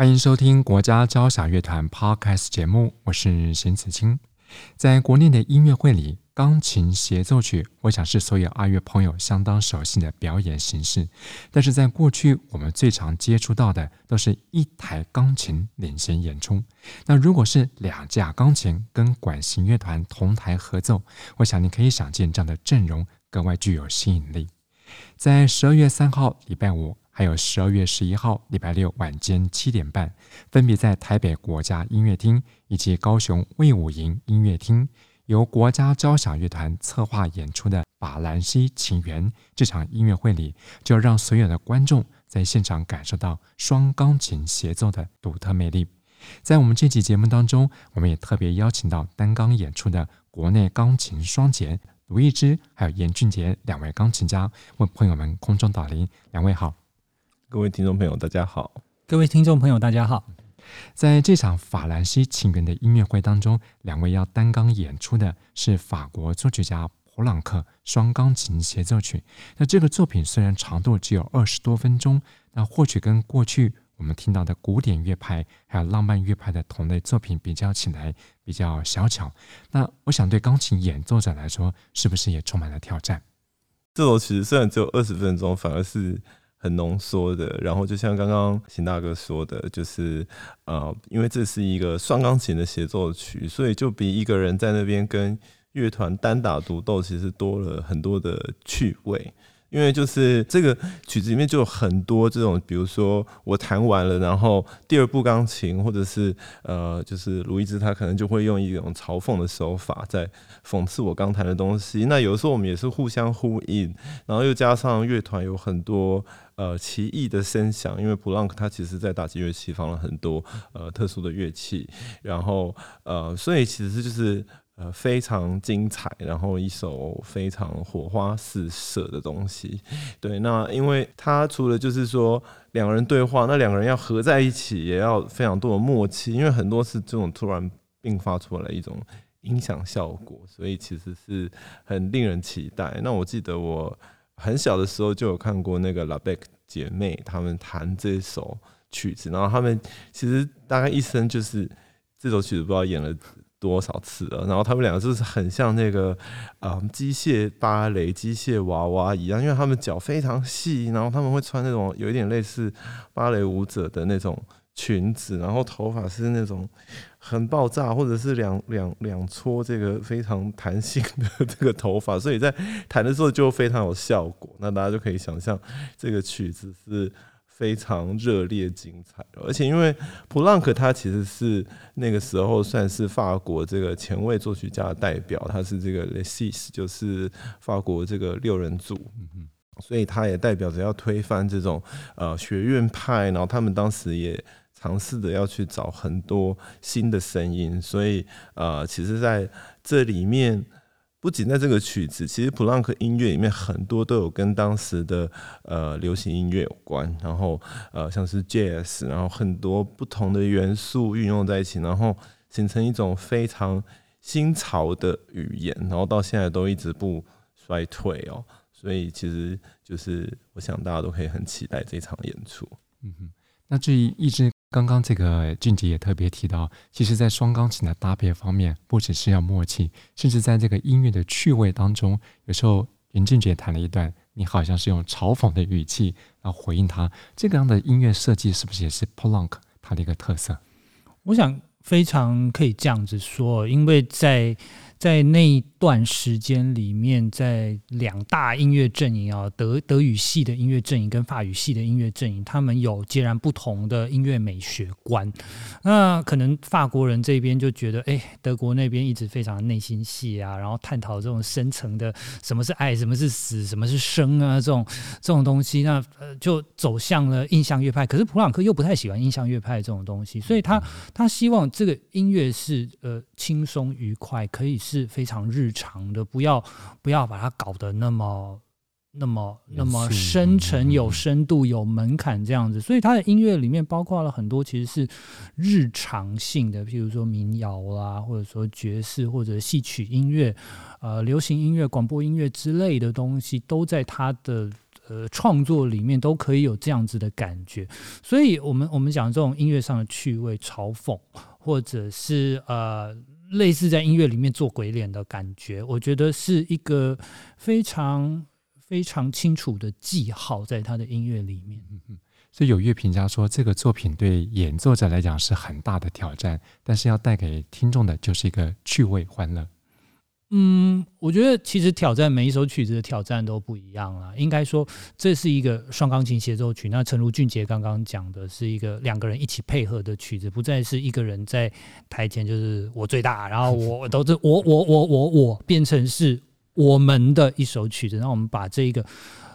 歡迎收聽國家交響樂團 Podcast 節目，我是邢子清。在國內的音樂會裡，鋼琴協奏曲我想是所有愛樂朋友相當熟悉的表演形式。但是在過去，我們最常接觸到的都是一台鋼琴領銜演出。那如果是兩架鋼琴跟管弦樂團同台合奏，我想你可以想見這樣的陣容格外具有吸引力。在十二月三號禮拜五，還有十二月十一號禮拜六晚間七點半，分別在台北國家音樂廳以及高雄衛武營音樂廳，由國家交響樂團策劃演出的《法蘭西琴緣》這場音樂會裡，就要讓所有的觀眾在現場感受到雙鋼琴協奏的獨特魅力。在我們這期節目當中，我們也特別邀請到擔綱演出的國內鋼琴雙傑盧易之還有嚴俊傑兩位鋼琴家，為朋友們空中導聆，兩位好。各位聽眾朋友，大家好。各位聽眾朋友，大家好。在這場法蘭西情緣的音樂會當中，兩位要擔綱演出的是法國作曲家普朗克雙鋼琴協奏曲。那這個作品雖然長度只有二十多分鐘，那或許跟過去我們聽到的古典樂派還有浪漫樂派的同類作品比較起來比較小巧。那我想對鋼琴演奏者來說，是不是也充滿了挑戰？這首曲子雖然只有二十分鐘，反而是。很濃縮的，然後就像剛剛秦大哥說的，就是呃，因為這是一個雙鋼琴的協奏曲，所以就比一個人在那邊跟樂團單打獨鬥，其實多了很多的趣味。因為就是這個曲子裡面就有很多這種，比如說我彈完了，然後第二部鋼琴，或者是呃，就是盧易之他可能就會用一種嘲諷的手法，在諷刺我剛彈的東西。那有時候我們也是互相呼應，然後又加上樂團有很多呃奇異的聲響，因為浦朗克他其實，在打擊樂器放了很多呃特殊的樂器，然後呃，所以其實就是。呃，非常精彩，然後一首非常火花四射的東西。對，那因為他除了就是說兩個人對話，那兩個人要合在一起，也要非常多的默契，因為很多是這種突然迸發出來一種音響效果，所以其實是很令人期待。那我記得我很小的時候就有看過那個拉貝克姐妹他們彈這首曲子，然後他們其實大概一生就是這首曲子，不知道演了。多少次了。然後他們兩個就是很像那個，嗯，機械芭蕾、機械娃娃一樣，因為他們腳非常細，然後他們會穿那種有一點類似芭蕾舞者的那種裙子，然後頭髮是那種很爆炸，或者是兩兩兩撮這個非常彈性的這個頭髮，所以在彈的時候就非常有效果。那大家就可以想象這個曲子是非常熱烈、精彩，而且因為浦朗克他其實是那個時候算是法國這個前衛作曲家的代表，他是這個 Les Six 就是法國這個六人組，所以他也代表着要推翻這種呃學院派，然後他們當時也嘗試着要去找很多新的聲音，所以呃，其實在這裡面。不僅在這個曲子，其實浦朗克音樂裡面很多都有跟當時的呃流行音樂有關，然後呃像是 Jazz，然後很多不同的元素運用在一起，然後形成一種非常新潮的語言，然後到現在都一直不衰退哦。所以其實就是我想大家都可以很期待這場演出。嗯哼，那至於一直。剛剛這個俊傑也特別提到，其實，在雙鋼琴的搭配方面，不只是要默契，甚至在這個音樂的趣味當中，有時候嚴俊傑彈了一段，你好像是用嘲諷的語氣，來回應他，這個樣的音樂設計是不是也是浦朗克它的一個特色？我想非常可以這樣子說，因為在。在那一段時間裡面，在兩大音樂陣營啊，德德語系的音樂陣營跟法語系的音樂陣營，他們有截然不同的音樂美學觀。那可能法國人這邊就覺得，哎，德國那邊一直非常內心戲啊，然後探討這種深層的什麼是愛，什麼是死，什麼是生啊，這種這種東西。那呃，就走向了印象樂派。可是浦朗克又不太喜歡印象樂派這種東西，所以他他希望這個音樂是呃輕鬆愉快，可以。是非常日常的，不要不要把它搞得那麼那麼那麼深沉，有深度，有門檻這樣子。所以他的音樂裡面包括了很多，其實是日常性的，譬如說民謠啊，或者說爵士或者戲曲音樂、呃流行音樂、廣播音樂之類的東西，都在他的呃創作裡面都可以有這樣子的感覺。所以我們我們講這種音樂上的趣味、嘲諷，或者是呃。類似在音樂裡面做鬼臉的感覺，我覺得是一個非常非常清楚的記號，在他的音樂裡面。嗯哼，所以有樂評家說，這個作品對演奏者來講是很大的挑戰，但是要帶給聽眾的就是一個趣味歡樂。嗯，我覺得其實挑戰每一首曲子的挑戰都不一樣了、啊。應該說，這是一個雙鋼琴協奏曲。那誠如俊傑剛剛講的，是一個兩個人一起配合的曲子，不再是一個人在台前就是我最大，然後我都是我我我我我，我變成是我們的一首曲子，那我們把這個。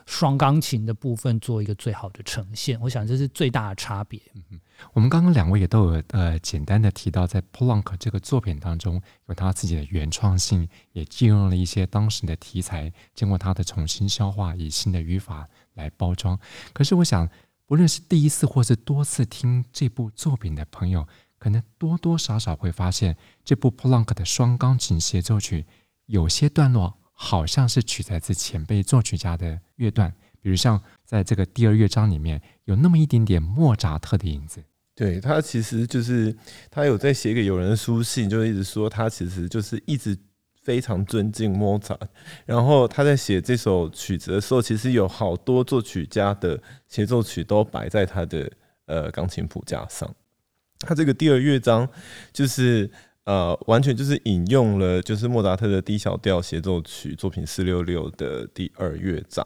雙鋼琴的部分做一個最好的呈現，我想這是最大的差別。嗯，我們剛剛兩位也都有呃簡單的提到，在浦朗克這個作品當中有他自己的原創性，也借用了一些當時的題材，經過他的重新消化，以新的語法來包裝。可是我想，不論是第一次或是多次聽這部作品的朋友，可能多多少少會發現這部浦朗克的雙鋼琴協奏曲有些段落，好像是取材自前輩作曲家的樂段，比如像在這個第二樂章裡面有那麼一點點莫扎特的影子。對，對他其實就是他有在寫給友人的書信，就一直說他其實就是一直非常尊敬莫扎。然後他在寫這首曲子的時候，其實有好多作曲家的協奏曲都擺在他的呃鋼琴譜架上。他這個第二樂章就是。呃，完全就是引用了就是莫扎特的 D 小調協奏曲作品四六六的第二樂章，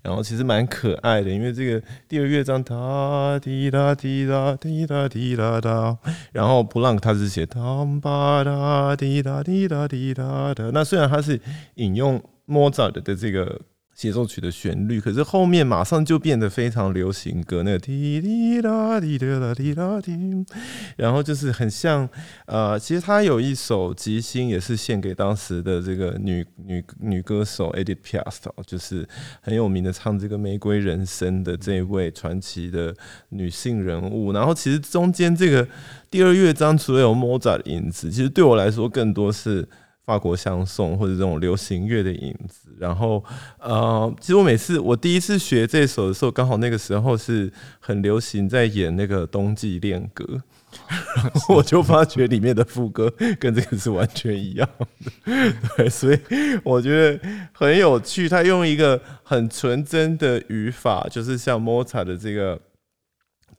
然後其實蠻可愛的，因為這個第二樂章他滴答滴答滴答滴答答，然後浦朗克他是寫他，噠滴答滴答滴答的，那雖然他是引用莫扎特的這個。節奏曲的旋律，可是後面馬上就變得非常流行歌，那個滴滴答滴答滴答滴，然後就是很像呃，其實他有一首《即興》也是獻給當時的這個女女女歌手 Edith Piaf，就是很有名的唱這個《玫瑰人生》的這位傳奇的女性人物。然後其實中間這個第二樂章，除了有 Mozart 的影子，其實對我來說更多是。法國香頌，或者這種流行樂的影子，然後呃，其實我每次我第一次學這首的時候，剛好那個時候是很流行在演那個冬季戀歌，然後我就發覺裡面的副歌跟這個是完全一樣的，對，所以我覺得很有趣，他用一個很純真的語法，就是像莫札特的這個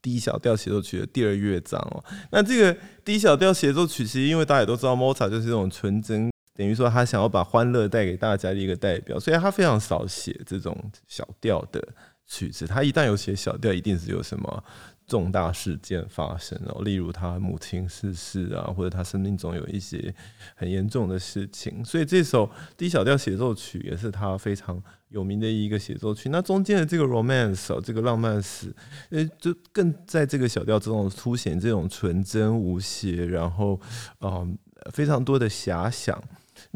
D 小調協奏曲的第二樂章哦，那這個 D 小調協奏曲其實因為大家也都知道，莫札特就是這種純真。等於說，他想要把歡樂帶給大家的一個代表。所以，他非常少寫這種小調的曲子。他一旦有寫小調，一定是有什麼重大事件發生哦，例如他母親逝世，世啊，或者他生命中有一些很嚴重的事情。所以，這首 D 小調協奏曲也是他非常有名的一個協奏曲。那中間的這個 Romance 哦，這個浪漫史，呃，就更在這個小調之中凸顯這種純真無邪，然後，呃，非常多的遐想。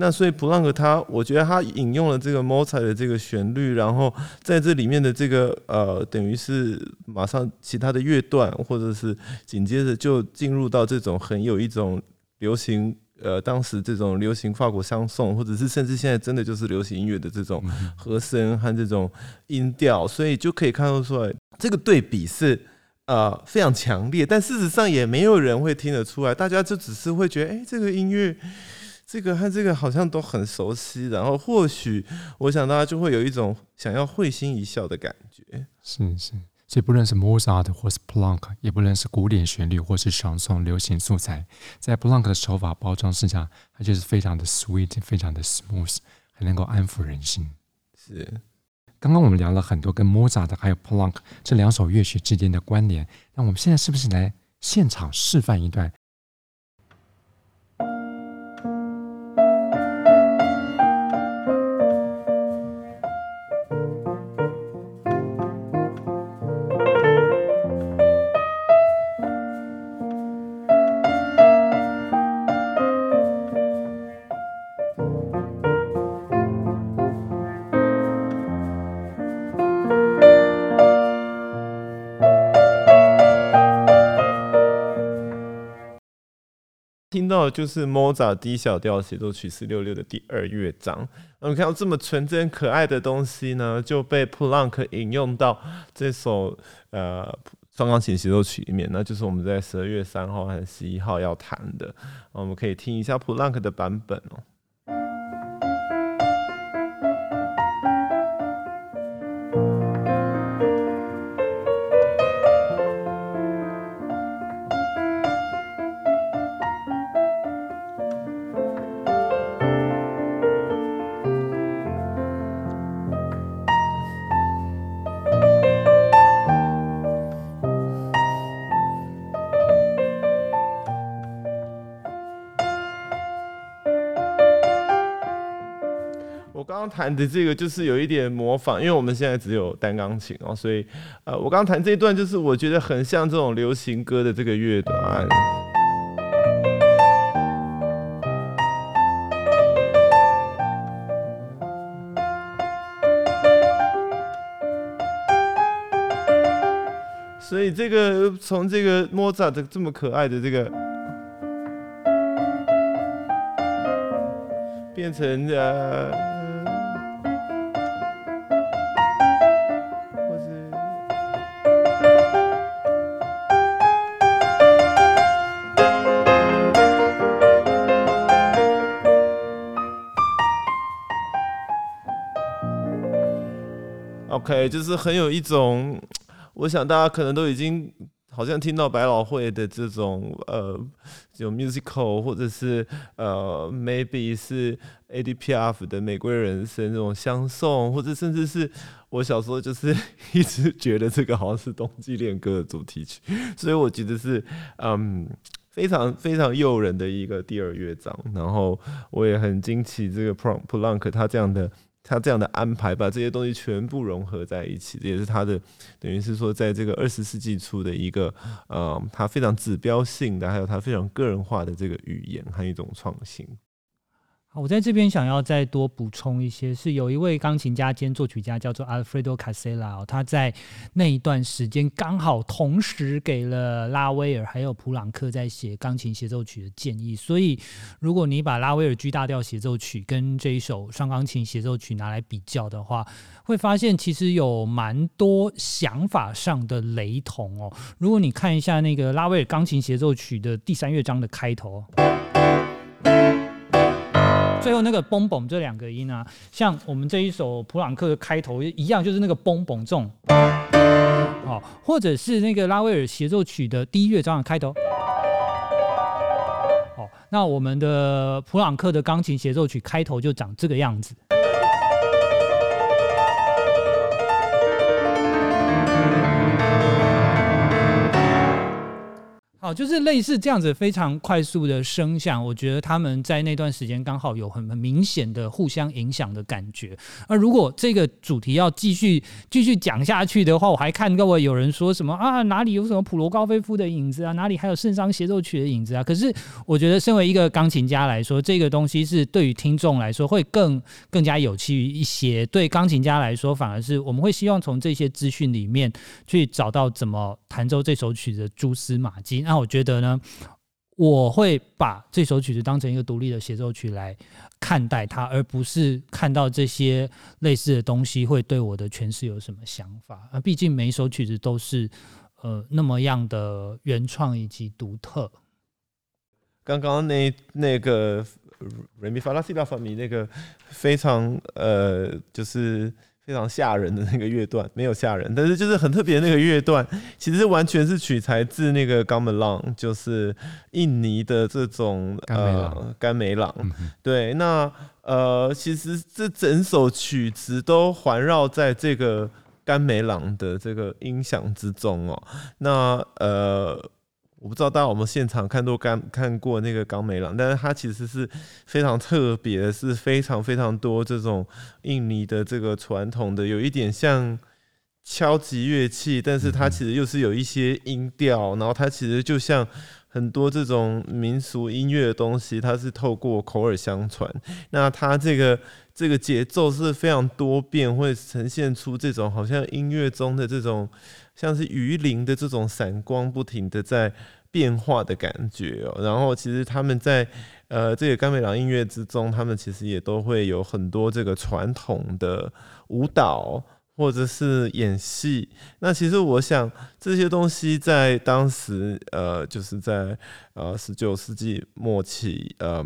那所以，浦朗克他，我覺得他引用了這個莫札特的這個旋律，然後在這裡面的這個呃，等於是馬上其他的樂段，或者是緊接着就進入到這種很有一種流行，呃，當時這種流行法國香頌，或者是甚至現在真的就是流行音樂的這種和聲和這種音調，所以就可以看得出來這個對比是，呃、非常強烈，但事實上也沒有人會聽得出來，大家就只是會覺得，哎，這個音樂。這個和這個好像都很熟悉，然後或許我想大家就會有一種想要會心一笑的感覺。是是，所以不論是 Mozart 或是 Poulenc，也不論是古典旋律或是傳統流行素材，在 Poulenc 的手法包裝之下，它就是非常的 sweet，非常的 smooth，還能夠安撫人心。是。剛剛我們聊了很多跟 Mozart 還有 Poulenc 這兩首樂曲之間的關聯，那我們現在是不是來現場示範一段？聽到的就是 Mozart D 小調協奏曲四六六的第二樂章。那我們看到這麼純真可愛的東西呢，就被浦朗克引用到這首呃雙鋼琴協奏曲裡面。那就是我們在十二月三號還是十一號要彈的。我們可以聽一下浦朗克的版本哦、喔。彈的這個就是有一點模仿，因為我們現在只有單鋼琴哦，所以，呃，我剛剛彈這一段就是我覺得很像這種流行歌的這個樂段。所以這個從這個莫札特這麼可愛的這個，變成呃。OK，就是很有一種，我想大家可能都已經好像聽到百老匯的這種呃，有 musical 或者是呃，maybe 是 ADPF 的《玫瑰人生》這種香頌，或者甚至是我小時候就是 一直覺得這個好像是《冬季戀歌》的主題曲，所以我覺得是嗯，非常非常誘人的一個第二樂章。然後我也很驚奇這個浦朗浦朗克他這樣的。他這樣的安排，把這些東西全部融合在一起，這也是他的，等於是說，在這個二十世紀初的一個，呃，他非常指標性的，還有他非常個人化的這個語言和一種創新。我在這邊想要再多補充一些，是有一位鋼琴家兼作曲家叫做 Alfredo Casella，他在那一段時間剛好同時給了拉威爾還有浦朗克在寫鋼琴協奏曲的建議，所以如果你把拉威爾 G 大調協奏曲跟這一首雙鋼琴協奏曲拿來比較的話，會發現其實有蠻多想法上的雷同哦。如果你看一下那個拉威爾鋼琴協奏曲的第三樂章的開頭。最後那個嘣嘣這兩個音啊，像我們這一首浦朗克的開頭一樣，就是那個嘣嘣重，好、哦，或者是那個拉威爾協奏曲的第一樂章的開頭，好、哦，那我們的浦朗克的鋼琴協奏曲開頭就長這個樣子。就是類似這樣子非常快速的聲響，我覺得他們在那段時間剛好有很明顯的互相影響的感覺。而如果這個主題要繼續繼續講下去的話，我還看各位有人說什麼啊，哪裡有什麼普羅高菲夫的影子啊，哪裡還有聖桑協奏曲的影子啊？可是我覺得，身為一個鋼琴家來說，這個東西是對於聽眾來說會更更加有趣一些。對鋼琴家來說，反而是我們會希望從這些資訊裡面去找到怎麼彈奏這首曲的蛛絲馬跡。我覺得呢，我會把這首曲子當成一個獨立的協奏曲來看待它，而不是看到這些類似的東西會對我的詮釋有什麼想法。那、啊、畢竟每一首曲子都是呃那麼樣的原創以及獨特。剛剛那那個 remi falasila remi 那個非常呃就是。非常嚇人的那個樂段，沒有嚇人，但是就是很特別那個樂段，其實完全是取材自那個甘美朗，就是印尼的這種、呃、甘美朗。甘美朗，嗯哼，對，那呃，其實這整首曲子都環繞在這個甘美朗的這個音響之中哦，那呃。我不知道大家有沒有現場看過，看看過那個甘美朗，但是它其實是非常特別，是非常非常多這種印尼的這個傳統的，有一點像敲擊樂器，但是它其實又是有一些音調。嗯嗯，然後它其實就像很多這種民俗音樂的東西，它是透過口耳相傳。那它這個。這個節奏是非常多變，會呈現出這種好像音樂中的這種像是魚鱗的這種閃光，不停地在變化的感覺哦。然後，其實他們在呃這個甘美朗音樂之中，他們其實也都會有很多這個傳統的舞蹈或者是演戲。那其實我想這些東西在當時呃就是在呃十九世紀末期呃。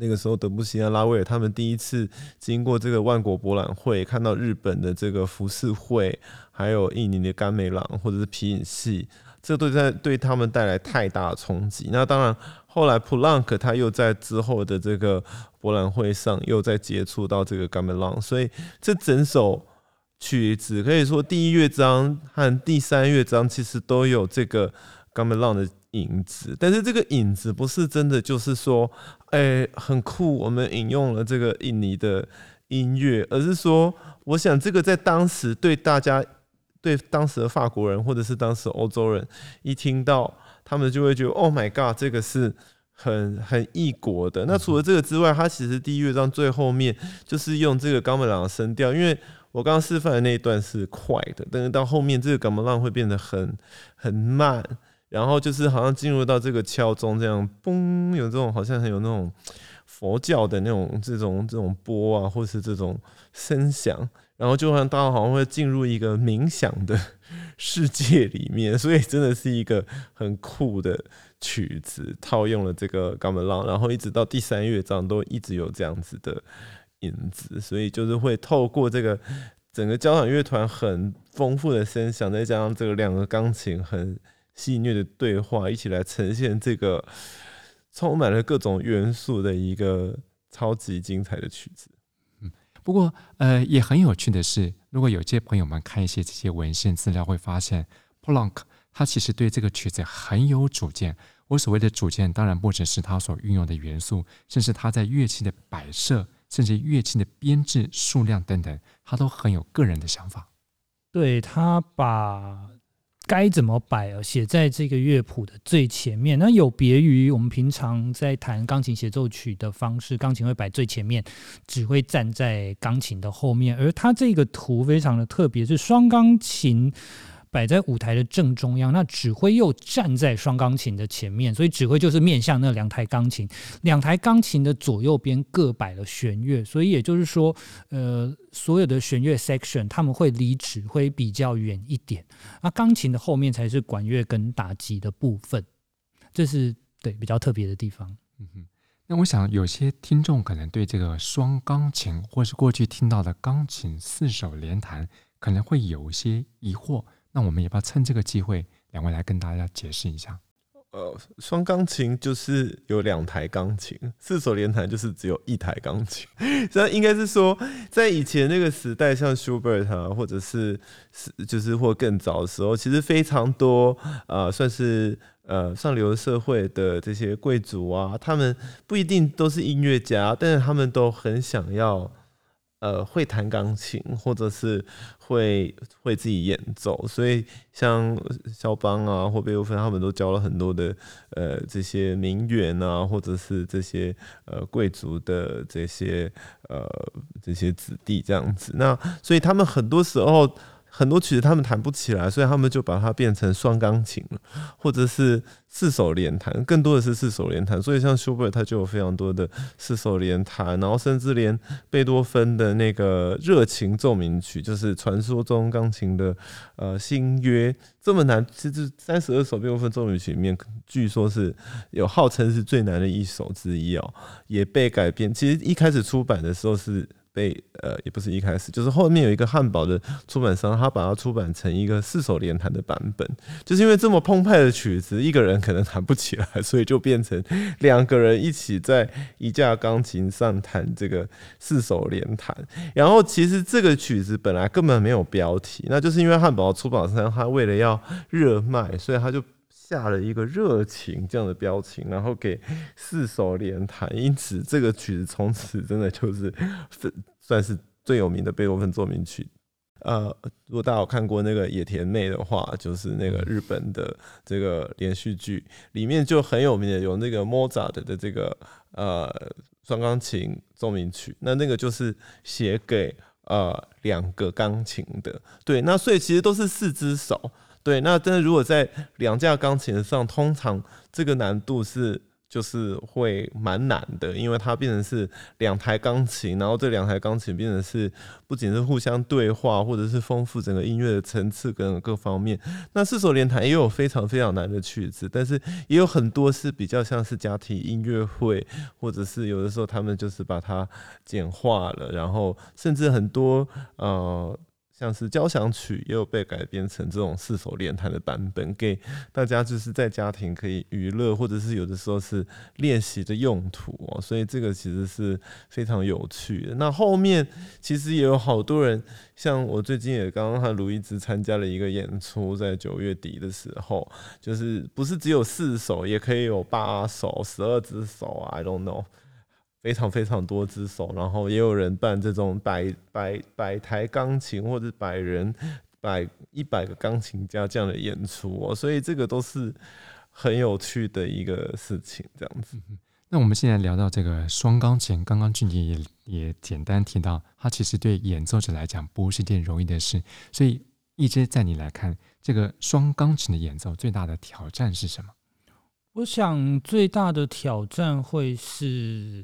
那個時候，德布西安拉威爾他們第一次經過這個萬國博覽會，看到日本的這個服飾會，還有印尼的甘美朗或者是皮影戲，這都在對他們帶來太大的衝擊。那當然，後來浦朗克他又在之後的這個博覽會上又再接觸到這個甘美朗，所以這整首曲子可以說第一樂章和第三樂章其實都有這個甘美朗的影子，但是這個影子不是真的，就是說。誒、欸，很酷！我們引用了這個印尼的音樂，而是說，我想這個在當時對大家，對當時的法國人或者是當時歐洲人，一聽到他們就會覺得 “Oh my god”，這個是很很異國的。嗯、那除了這個之外，它其實第一樂章最後面就是用這個 Gamelan 的聲調，因為我剛剛示範的那一段是快的，但是到後面這個 Gamelan 會變得很很慢。然後就是好像進入到這個敲鐘這樣，嘣，有這種好像很有那種佛教的那種這種這種波啊，或是這種聲響，然後就好像大家好像會進入一個冥想的世界裡面，所以真的是一個很酷的曲子，套用了這個《Gamelan》，然後一直到第三樂章都一直有這樣子的影子，所以就是會透過這個整個交響樂團很豐富的聲響，再加上這個兩個鋼琴很。戲謔的對話，一起來呈現這個充滿了各種元素的一個超級精彩的曲子。嗯，不過呃，也很有趣的是，如果有些朋友們看一些這些文獻資料，會發現浦朗克他其實對這個曲子很有主見。我所謂的主見，當然不只是他所運用的元素，甚至他在樂器的擺設，甚至樂器的編制數量等等，他都很有個人的想法。對，他把。該怎麼擺啊？寫在這個樂譜的最前面，那有別於我們平常在彈鋼琴協奏曲的方式，鋼琴會擺最前面，只會站在鋼琴的後面，而它這個圖非常的特別，是雙鋼琴。擺在舞台的正中央，那指揮又站在雙鋼琴的前面，所以指揮就是面向那兩台鋼琴。兩台鋼琴的左右邊各擺了弦樂，所以也就是說，呃，所有的弦樂 section，他們會離指揮比較遠一點。那鋼琴的後面才是管樂跟打擊的部分，這是，對，比較特別的地方。嗯哼，那我想有些聽眾可能對這個雙鋼琴或是過去聽到的鋼琴四手聯彈可能會有一些疑惑。那我們也不要趁這個機會，兩位來跟大家解釋一下。呃，雙鋼琴就是有兩台鋼琴，四手聯彈就是只有一台鋼琴。所以 應該是說，在以前那個時代，像舒伯特啊，或者是是就是或更早的時候，其實非常多呃，算是呃上流社會的這些貴族啊，他們不一定都是音樂家，但是他們都很想要。呃，會彈鋼琴，或者是會會自己演奏，所以像肖邦啊，或貝多芬，他們都教了很多的呃這些名媛啊，或者是這些呃貴族的這些呃這些子弟這樣子，那所以他們很多時候。很多曲子他們彈不起來，所以他們就把它變成雙鋼琴了，或者是四手聯彈，更多的是四手聯彈。所以像舒伯特，他就有非常多的四手聯彈，然後甚至連貝多芬的那個熱情奏鳴曲，就是傳說中鋼琴的呃新約這麼難，其實三十二首貝多芬奏鳴曲裡面，據說是有號稱是最難的一首之一哦、喔，也被改編。其實一開始出版的時候是。被呃，也不是一開始，就是後面有一個漢堡的出版商，他把它出版成一個四手聯彈的版本，就是因為這麼澎湃的曲子，一個人可能彈不起來，所以就變成兩個人一起在一架鋼琴上彈這個四手聯彈。然後其實這個曲子本來根本沒有標題，那就是因為漢堡的出版商他為了要熱賣，所以他就。下了一個熱情這樣的標情，然後給四手聯彈，因此這個曲子，從此真的就是算是最有名的貝多芬奏鳴曲。呃，如果大家有看過那個野田妹的話，就是那個日本的這個連續劇裡面就很有名的，有那個 Mozart 的這個呃雙鋼琴奏鳴曲，那那個就是寫給呃兩個鋼琴的，對，那所以其實都是四隻手。對，那但是如果在兩架鋼琴上，通常這個難度是就是會蠻難的，因為它變成是兩台鋼琴，然後這兩台鋼琴變成是不僅是互相對話，或者是豐富整個音樂的層次跟各方面。那四手聯彈也有非常非常難的曲子，但是也有很多是比較像是家庭音樂會，或者是有的時候他們就是把它簡化了，然後甚至很多呃。像是交響曲，也有被改編成這種四手聯彈的版本，給大家就是在家庭可以娛樂，或者是有的時候是練習的用途哦、喔。所以這個其實是非常有趣的。那後面其實也有好多人，像我最近也剛剛和盧易之參加了一個演出，在九月底的時候，就是不是只有四手，也可以有八手、十二隻手啊，I don't know。非常非常多隻手，然後也有人辦這種百百百台鋼琴或者百人百一百個鋼琴家這樣的演出哦，所以這個都是很有趣的一個事情。這樣子，嗯、那我們現在聊到這個雙鋼琴，剛剛俊傑也也簡單提到，它其實對演奏者來講不是件容易的事。所以，易之在你來看，這個雙鋼琴的演奏最大的挑戰是什麼？我想最大的挑戰會是。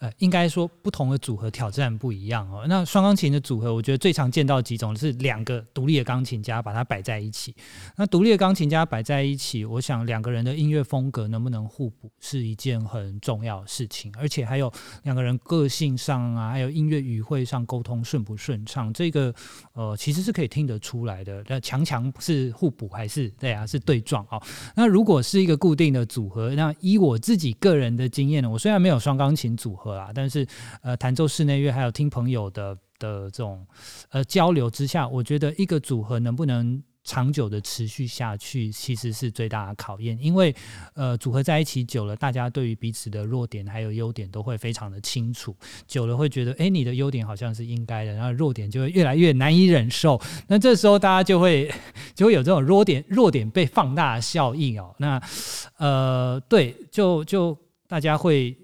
呃，應該說不同的組合挑戰不一樣哦。那雙鋼琴的組合，我覺得最常見到幾種是兩個獨立的鋼琴家把它擺在一起。那獨立的鋼琴家擺在一起，我想兩個人的音樂風格能不能互補，是一件很重要的事情。而且還有兩個人個性上啊，還有音樂語彙上溝通順不順暢，這個呃其實是可以聽得出來的。那強強是互補還是對啊？是對撞啊？那如果是一個固定的組合，那依我自己個人的經驗呢，我雖然沒有雙鋼琴組合。啊！但是，呃，彈奏室內樂還有聽朋友的的這種呃交流之下，我覺得一個組合能不能長久地持續下去，其實是最大的考驗。因為呃，組合在一起久了，大家對於彼此的弱點還有優點都會非常的清楚。久了會覺得，哎，你的優點好像是應該的，然後弱點就會越來越難以忍受。那這時候大家就會就會有這種弱點弱點被放大的效應哦。那呃，對，就就大家會。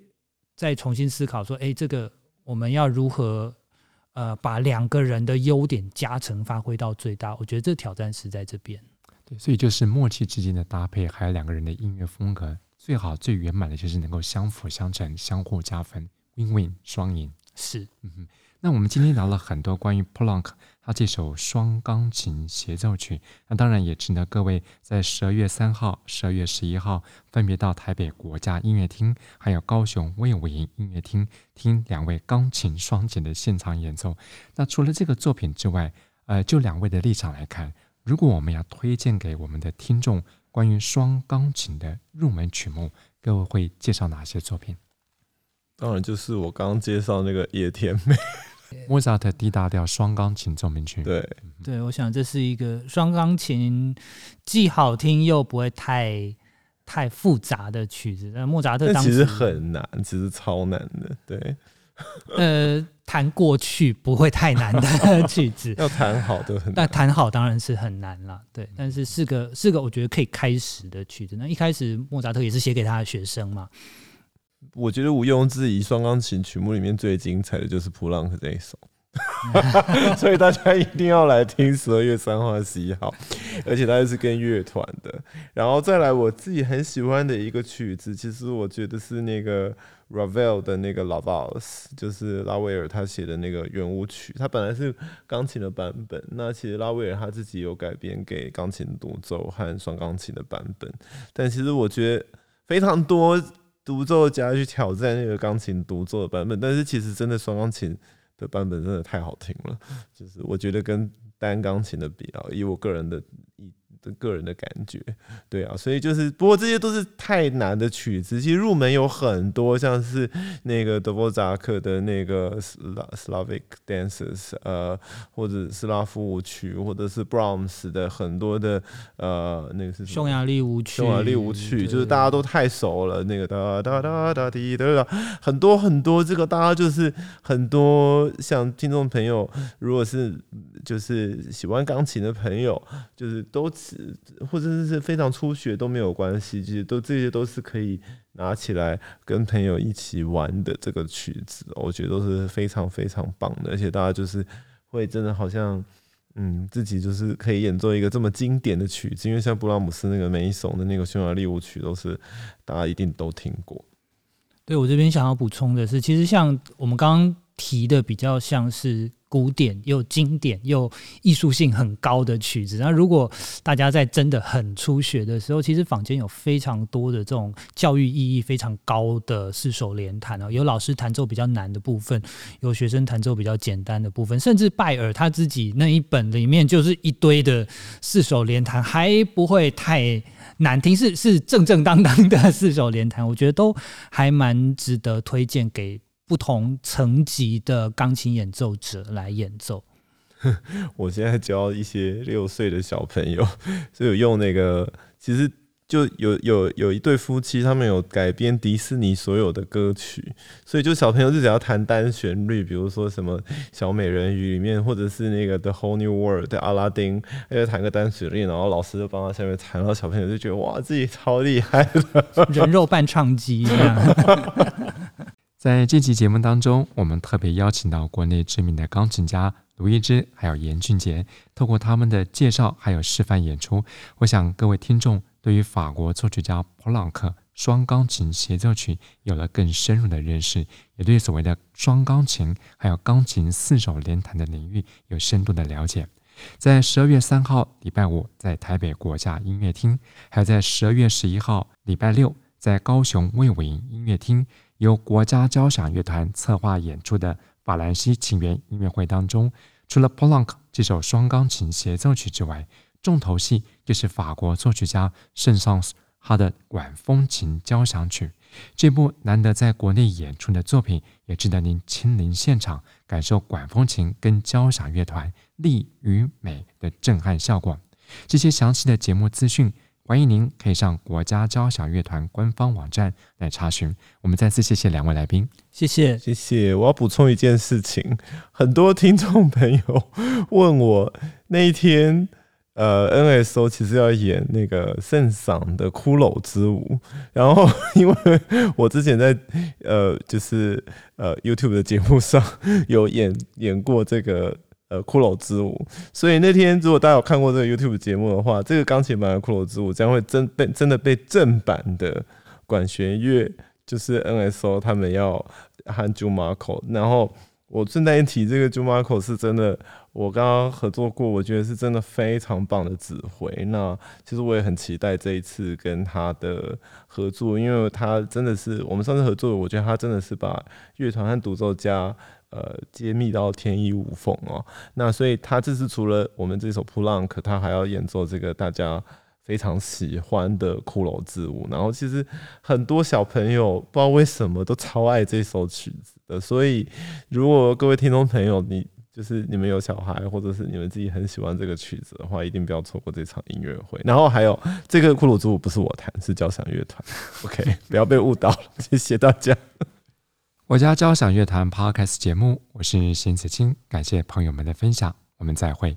再重新思考說，誒，這個我們要如何，呃，把兩個人的優點加成發揮到最大？我覺得這挑戰是在這邊。對，所以就是默契之間的搭配，還有兩個人的音樂風格，最好最圓滿的就是能夠相輔相成，相互加分，win win，雙贏。是，嗯哼。那我們今天聊了很多關於浦朗克他這首雙鋼琴協奏曲，那當然也值得各位在十二月三號、十二月十一號分別到台北國家音樂廳，還有高雄衛武營音樂廳聽兩位鋼琴雙傑的現場演奏。那除了這個作品之外，呃，就兩位的立場來看，如果我們要推薦給我們的聽眾關於雙鋼琴的入門曲目，各位會介紹哪些作品？當然就是我剛剛介紹那個野田美。莫扎特 D 大調雙鋼琴奏鳴曲，對，對，我想這是一個雙鋼琴既好聽又不會太太複雜的曲子。那、呃、莫扎特當時其實很難，其實超難的，對。呃，彈過去不會太難的曲子， 要彈好都很難，那彈好當然是很難了，對。但是是個是個，是個我覺得可以開始的曲子。那一開始莫扎特也是寫給他的學生嘛。我覺得毋庸置疑，雙鋼琴曲目裡面最精彩的就是普朗克這一首， 所以大家一定要來聽十二月三號和十一號，而且它又是跟樂團的。然後再來我自己很喜歡的一個曲子，其實我覺得是那個拉威爾的那個《拉瓦爾》，就是拉威爾他寫的那個圓舞曲，他本來是鋼琴的版本。那其實拉威爾他自己有改編給鋼琴獨奏和雙鋼琴的版本，但其實我覺得非常多。獨奏家去挑戰那個鋼琴獨奏的版本，但是其實真的雙鋼琴的版本真的太好聽了，就是我覺得跟單鋼琴的比啊，以我個人的意。個人的感覺，對啊，所以就是，不過這些都是太難的曲子。其實入門有很多，像是那個德弗札克的那個 Slavic Dances，呃，或者斯拉夫舞曲，或者是 Brahms 的很多的，呃，那個是匈牙利舞曲，匈牙利舞曲，就是大家都太熟了，那個噠噠噠噠滴噠噠，很多很多，這個大家就是很多像聽眾朋友，如果是就是喜歡鋼琴的朋友，就是都或者是非常初學都沒有關係，其實都這些都是可以拿起來跟朋友一起玩的這個曲子哦，我覺得都是非常非常棒的，而且大家就是會真的好像嗯，自己就是可以演奏一個這麼經典的曲子，因為像布拉姆斯那個每一首的那個匈牙利舞曲都是大家一定都聽過。對，我這邊想要補充的是，其實像我們剛剛。提的比較像是古典又經典又藝術性很高的曲子。那如果大家在真的很初學的時候，其實坊間有非常多的這種教育意義非常高的四手聯彈哦。有老師彈奏比較難的部分，有學生彈奏比較簡單的部分，甚至拜爾他自己那一本裡面就是一堆的四手聯彈，還不會太難聽，是是正正當當的四手聯彈，我覺得都還蠻值得推薦給。不同層級的鋼琴演奏者來演奏。我現在教一些六歲的小朋友，所以有用那個，其實就有有有一對夫妻，他們有改編迪士尼所有的歌曲，所以就小朋友就只要彈單旋律，比如說什麼小美人魚裡面，或者是那個 The Whole New World 的阿拉丁，要彈個單旋律，然後老師就幫他下面彈，然後小朋友就覺得哇，自己超厲害的，人肉伴唱機、啊。 在這期節目當中，我們特別邀請到國內知名的鋼琴家盧易之，還有嚴俊傑，透過他們的介紹還有示範演出，我想各位聽眾對於法國作曲家浦朗克雙鋼琴協奏曲有了更深入的認識，也對所謂的雙鋼琴還有鋼琴四手聯彈的領域有深度的了解。在十二月三號禮拜五，在台北國家音樂廳；還有在十二月十一號禮拜六，在高雄衛武營音樂廳。由國家交響樂團策劃演出的《法蘭西情緣》音樂會當中，除了浦朗克這首雙鋼琴協奏曲之外，重頭戲就是法國作曲家聖桑他的管風琴交響曲。這部難得在國內演出的作品，也值得您親臨現場，感受管風琴跟交響樂團力與美的震撼效果。這些詳細的節目資訊。歡迎您可以上國家交響樂團官方網站來查詢。我們再次謝謝兩位來賓，謝謝，謝謝。我要補充一件事情，很多聽眾朋友問我那一天，呃，NSO 其實要演那個聖桑的《骷髏之舞》，嗯，然後因為我之前在呃，就是呃 YouTube 的節目上有演演過這個。呃，骷髏之舞，所以那天如果大家有看過這個 YouTube 節目的話，這個鋼琴版的《骷髏之舞》將會真被真的被正版的管弦樂，就是 NSO 他們要喊 Jumaco，然後我順帶一提，這個 Jumaco 是真的。我剛剛合作過，我覺得是真的非常棒的指揮。那其實我也很期待這一次跟他的合作，因為他真的是我們上次合作，我覺得他真的是把樂團和獨奏家呃揭秘到天衣無縫哦。那所以他這次除了我們這首浦朗克，他還要演奏這個大家非常喜歡的《骷髏之舞》。然後其實很多小朋友不知道為什麼都超愛這首曲子的。所以如果各位聽眾朋友，你，就是你們有小孩，或者是你們自己很喜歡這個曲子的話，一定不要錯過這場音樂會。然後還有這個骷髏之舞，不是我彈，是交響樂團。OK， 不要被誤導了，謝謝大家。 國家交響樂團 Podcast 節目，我是邢子青，感謝朋友們的分享，我們再會。